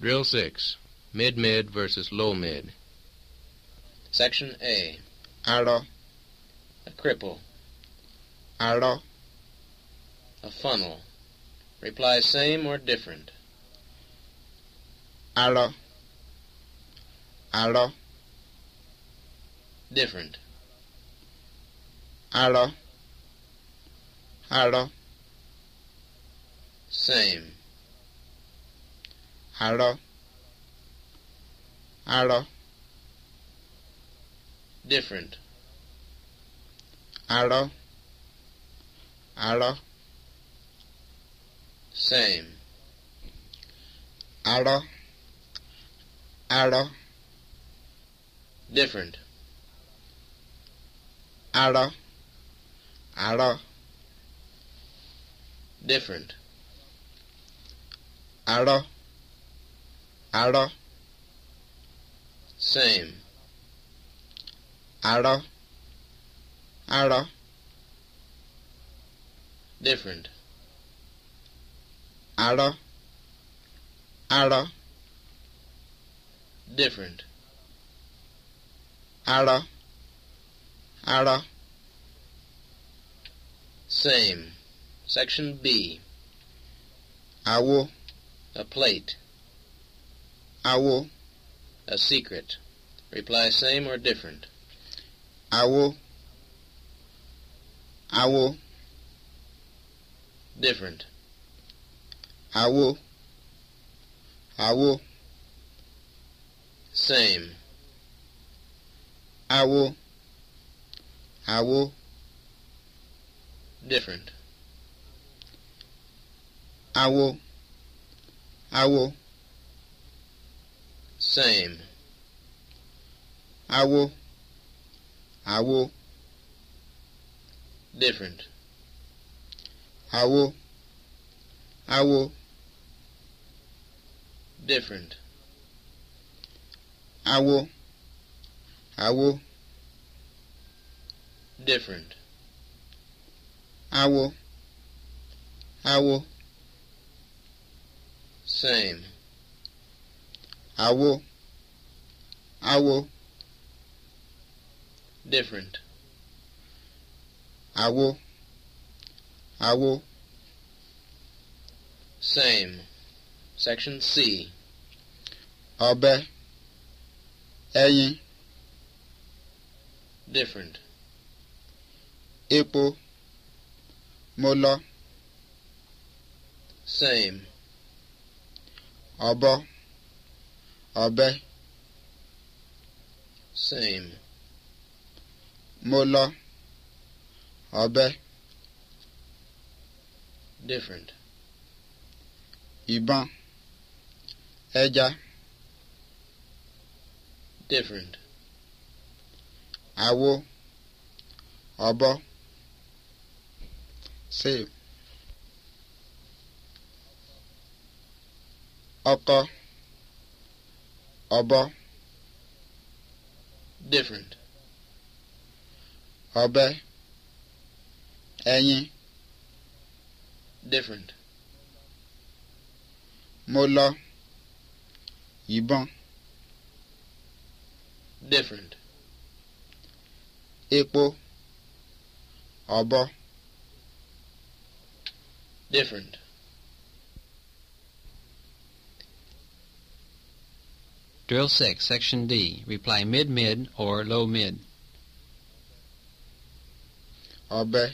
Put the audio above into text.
Drill 6 Mid Mid versus Low Mid. Section A Arrow. A cripple. Arrow. A funnel. Reply same or different. Arrow. Arrow. Different. Arrow. Arrow. Same arọ arọ different arọ arọ same arọ arọ different arọ arọ different arọ arọ same arọ arọ different arọ arọ different arọ arọ same section B awo a plate Awo. A secret. Reply same or different. Awo. Awo. Different. Awo. Awo. Same. Awo. Awo. Different. Awo. Awo same. I will. I will. Different. I will. I will. Different. I will. I will. Different. I will. I will. Same. I will. awo different awo awo same section C ọ̀bẹ ẹyin different epo mo lọ same ọ̀bọ ọ̀bẹ same. mo lọ ọ̀bẹ. different. ìbọn ẹja. different. àwo ọ̀bọ same. ọkọ ọ̀bọ different. Ọbẹ̀ ẹyin different. Mo lọ ìbọn different. Epo ọ̀bọ different. Drill 6, Section D. Reply mid-mid or low-mid. Ọbẹ.